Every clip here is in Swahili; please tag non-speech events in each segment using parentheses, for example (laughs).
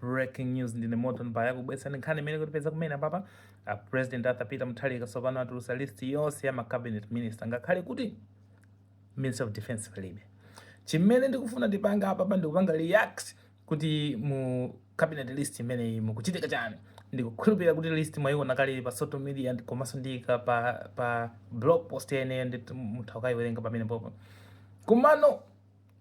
breaking news ndi moto mbaya ni nkhani imene kutipeza kumene papa a president Arthur atapita muthalika tsopano atulutsa list yonse ya ma cabinet minister ngakhale kuti minister of defense palibe chimene ndikufuna tipanga apapa ndikupanga react kuti mu cabinet list imene mukuchitika chani ndikukhulupirira kuti list mwayiona kale pa social media komanso ndika pa, pa blog post yeneyo nditi mutha ukayiwerenga pamene popo kumano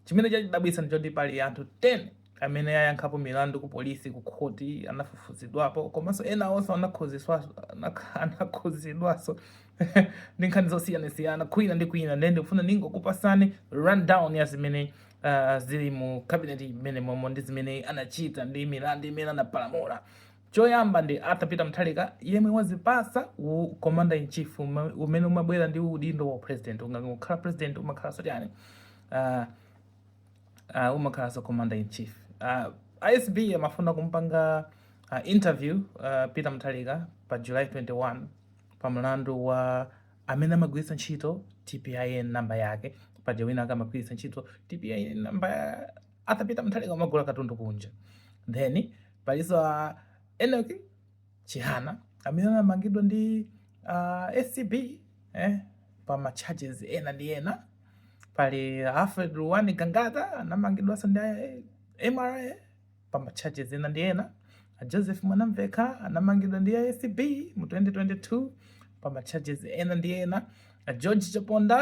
chimene chachidabwisa ndichoti pali anthu 10 amene ayankhapo milandu ku polisi ku khoti anafufuzidwapo komanso ena onse anakhuzidwaso ndi (laughs) nkhani zosiyanasiyana kwina ndi kwina ndende kufuna ningokupasani rundown ya zimene uh, zili mu cabinet imene momo ndi zimene anachita ndi milandu imene anapalamula choyamba ndi arthur peter mutharika yemwe wazipasa commander in chief umene umabwera ndi udindo wa president ungakhala president umakhala sotani uh, ah, uh, ah, umakhala commander in chief uh, ISB yamafuna kumpanga uh, interview uh, Peter Mutharika pa July 21 pa mlandu wa amene amagwiritsa ntchito TPIN namba yake paja wina akamagwiritsa ntchito TPIN namba Peter Mutharika umagula katundu kunja then paliso uh, Enoch Chihana amene anamangidwa ndi uh, SCB eh, pa ma charges ena ndi ena pali Alfred Luwani Gangata anamangidwanso ndi MRA pamacharges enandiena ajoseph mwanamveka anamangidwa ndia acb mu 2022 pamacharges enandiena ageorge chaponda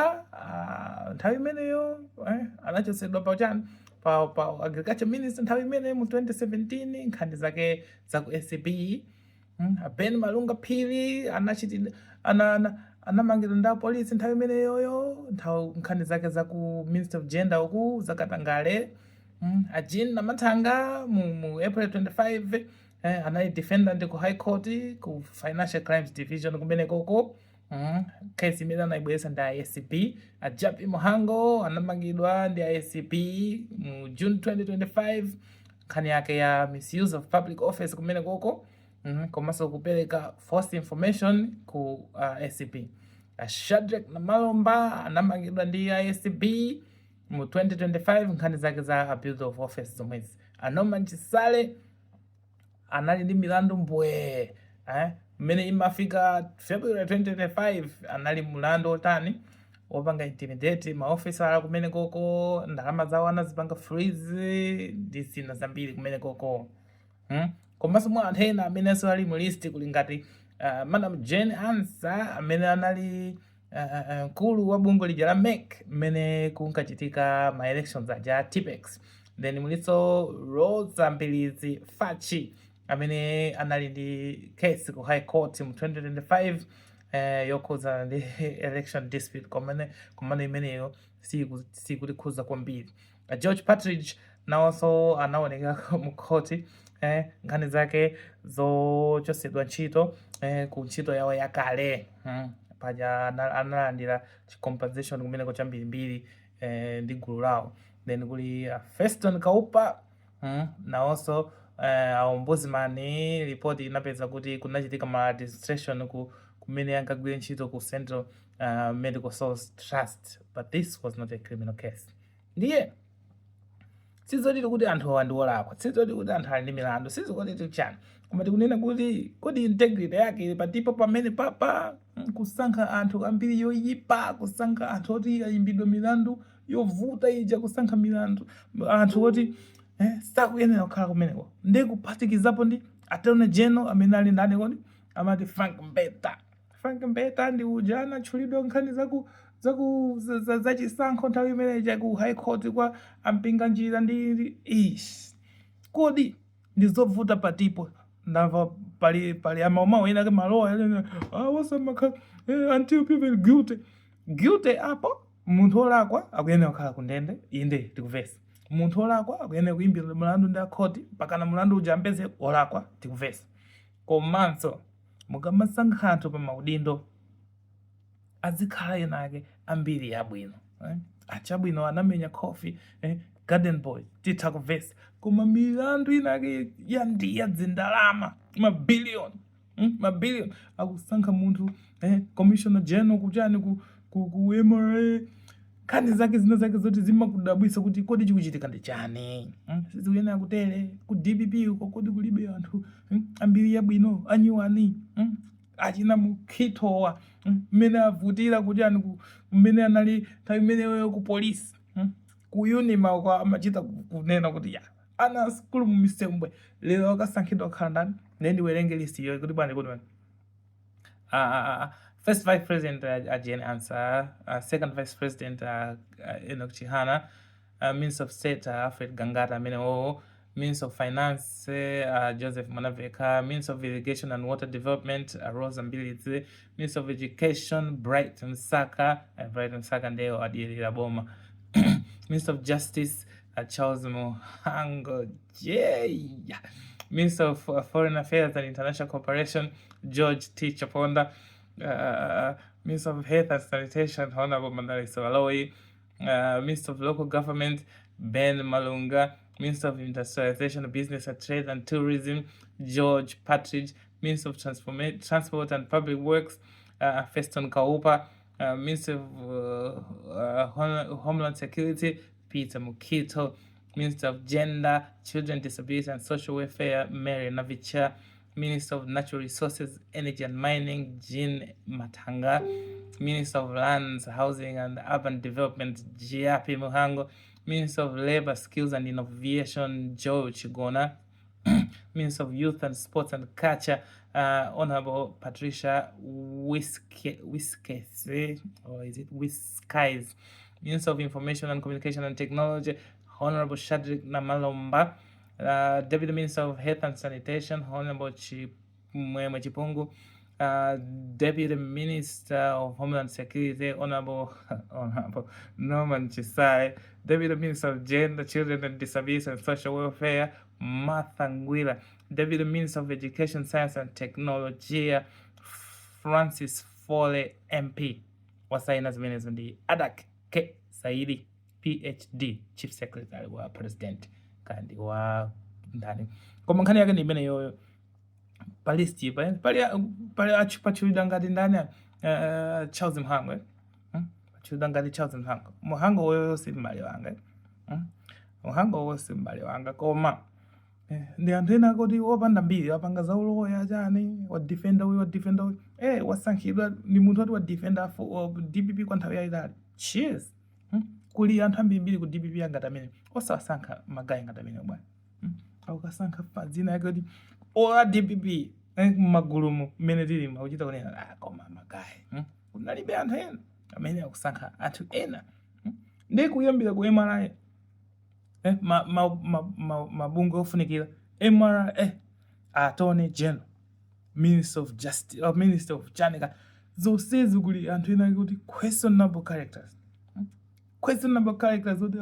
nthawi imeneyo eh, anachosedwa pauchani pa, pa agriculture minister nthawi imeneyo mu 2017 nkhani zake za ku acb hmm? ben malunga phiri anachitidwa ana, ana, anamangidwa ndi apolisi nthawi imeneyoyo nkhani zake za ku minister of gender uku zakatangale mm, Ajin Namathanga mu, mu April 25 eh, anayi defendant ku High Court ku Financial Crimes Division kumene koko mm, kesi imene anayibweretsa ndi ICP Ajapi Muhango anamangidwa ndi ICP mu June 2025 nkhani yake ya misuse of public office kumene koko mm, komanso kupereka false information ku uh, ICP Shadrack Namalomba anamangidwa ndi ICP mu 2025 nkhani zake za abuse of office zomwezi anoma nchisale anali ndi milandu mbwe, eh? mmene imafika february 2025 anali mulandu otani wopanga intimidate maofisala kumene koko ndalama zawo anazipanga freeze ndi zina zambiri kumene koko hmm? komanso mwa anthu ena amenenso ali mu list kuli ngati uh, madam jane ansa amene anali uh, nkulu wa bungo lija la mek mmene kunkachitika ma elections aja tipex then muliso row fachi amene anali ndi case ku high court mu 2025 eh, yokhuza ndi (laughs) election dispute komene komana imeneyo sikutikhuza kwambiri eh, george patridge nawonso anaoneka (laughs) mu eh, nkhani zake zochosedwa ntchito eh, ku ntchito yawo yakale hmm pachanalandira compensation kumene kwa chambirimbiri eh, ndi gulu lawo then kuli ah, Feston Kaupa mm, nawonso uh, eh, aombudsman report inapeza kuti kunachitika ma ku kumene ankagwira ntchito ku Central uh, Medical Source Trust but this was not a criminal case ndiye sizotiti kuti anthu awa ndi olakwa sizoti kuti anthu ali ndi milandu sizikotiti chani koma tikunena kuti kodi integrity yake ili patipo pamene papa kusankha anthu ambiri yoyipa kusankha anthu oti ayimbidwa milandu yovuta ija kusankha milandu anthu oti eh, sakuyenera kukhala kumeneko ndi kuphatikizapo ndi attorney general amene ali ndani kodi amati frank mbeta frank mbeta ndi uja anatchulidwa nkhani zaku zachisankho nthawi imeneyi ku high court kwa ampinga njira ndi ishi kodi ndi zovuta patipo ndamva pali pali amaumau ena malowa ah, wasamakhala eh, until people guilty guilty apo munthu wolakwa akuyenera kukhala ku inde tikuvesa munthu wolakwa akuyenera kuyimbira mulandu ndi akhoti pakana mulandu uja ampeze wolakwa tikuvesa komanso mukamasankha anthu pa maudindo azikhala enake ambiri yabwino eh? achabwino anamenya coffee eh? garden boy titako vesi koma milandu inake yandiya ndiya dzindalama mabiliyoni hm? mabiliyoni akusankha munthu eh? commissioner general kuchani ku, ku, ku mra zake zina zake zoti zimakudabwisa kuti kodi chikuchitika ndi chani hm? sizikuyena akutere ku dpp uko kodi kulibe anthu hm? ambiri yabwino anyiwani achina mukhitowa Hmm? mmene avutira kuti ani mmene anali nthawi imeneyo ku polisi hmm? ku unima kwa amachita kunena kuti ya ana sikulu mu misembwe lero akasankhidwa kukhala ndani ndiye ndiwerenge list iyo kuti bwana kuti bwana ah, ah, ah, first vice president uh, Jane Ansah, uh, second vice president uh, uh, Enoch Chihana, uh, minister of state uh, Alfred Gangata, I mean, oh, Minister of Finance uh, Joseph Manaveka, Minister of Irrigation and Water Development uh, Rosa Minister of Education Brighton Saka, uh, Brighton Saka ndio adielira boma (coughs) Minister of Justice uh, Charles Muhango yeah. Minister of uh, Foreign Affairs and International Cooperation George T Chaponda, uh, Minister of Health and Sanitation Honorable Mandari Sowaloi, uh, Minister of Local Government Ben Malunga Minister of Industrialization, Business and Trade and Tourism, George Partridge, Minister of Transport and Public Works, uh, Feston Kaupa, uh, Minister of uh, uh Homeland Security, Peter Mukito, Minister of Gender, Children, Disability and Social Welfare, Mary Navicha, Minister of Natural Resources, Energy and Mining, Jean Matanga, Minister of Lands, Housing and Urban Development, Giapi Muhango, Minister of Labor, Skills and Innovation, George Chigona, (clears throat) Minister of Youth and Sports and Culture, uh, Honorable Patricia Wiskes, or is it Whiskies? Minister of Information and Communication and Technology, Honorable Shadrick Namalomba, uh, Deputy Minister of Health and Sanitation, Honorable Chipmwema Chipungu, Uh, Deputy Minister of Homeland Security, Honorable, (laughs) Honorable Norman Chisai, Deputy Minister of Gender, Children and Disabilities and Social Welfare, Martha Nguila, Deputy Minister of Education, Science and Technology, Francis Foley MP, wasaini zimenezo ndi Adak K Saidi PhD, Chief Secretary wa President kandi wa ndani kwa mankhani yake ndi imene yoyo Palestipa pale achi pachiudangadi uh, Charles Muhanga hmm? pachiudangadi Charles Muhanga muhanga woyo si mmale wange hmm? muhanga woyo si mmale wange koma eh, ndi anthu ena akuti wopanda mbiri wapanga za uloya chani wadifenda uyu wadifenda uyu eh, wasankhidwa ndi munthu ati wadifenda dpp kwa nthawi yayitali cheers hmm? kuli anthu ambirimbiri ku dpp angatamene osawasankha magayi ngatamene bwana hmm? akukasankha dzina yake kuti ola dpp mmagulu eh, mmene tilima kuchita kunena ah, koma makaya kunalibe hmm? anthu ena amene akusankha anthu ena hmm? ndi kuyambira ku mri eh, mabunge ofunikira mra eh, atone general minister of justice or oh, minister of janica zonsezi kuli anthu ena kuti questionable characters hmm? questionable characters oti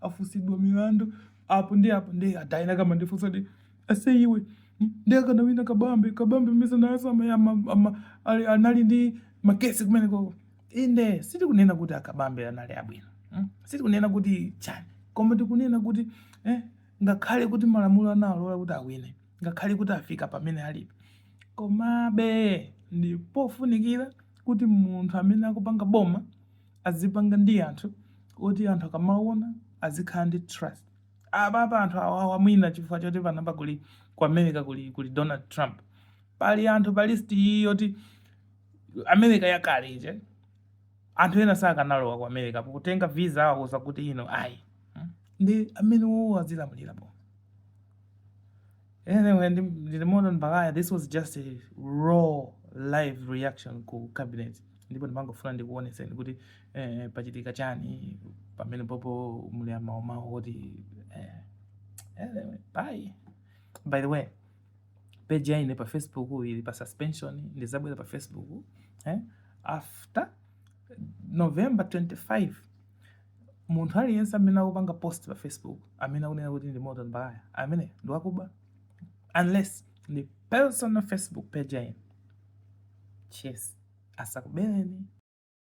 afusidwa milandu apo ndi apo ndi adayina kama ndifunsa kuti ase iwe ndiye でのみんな kabambe kabambe kabambe mese nayasama anali ndi makesi kumene koko inde sitikunena kuti akabambe anali abwino hmm? sitikunena kuti chani koma tikunena kuti eh, ngakhale kuti malamulo analola kuti awine ngakhale kuti afika pamene alipo komabe ndi pofunikira kuti munthu amene akupanga boma azipanga ndi anthu kuti anthu akamaona azikhala ndi trust apapa ah, anthu awamwina chifukwa choti panapa kuli ku america kuli kuli donald trump pali anthu pa list iyi yoti america yakale anthu ena sakanalowa ku america pokutenga visa awakuza kuti ino ayi hmm, ndi amene wowo azilamulirapo anyway ndilimono mpakaya this was just a raw live reaction ku cabinet ndipo ndimangofuna ndikuoneseni kuti eh, pachitika chani pamene popo muli amaomawo kuti Eh, eh, eh, bye. By the way, page yai ilipa Facebook huu ilipa suspension, ilizabu ilipa Facebook eh? After November 25 muntu aliyense amene akupanga post pa Facebook amene akunena kuti ndi moto mbaya amene ndi wakuba unless ndi personal Facebook page ya inu yes asakubereni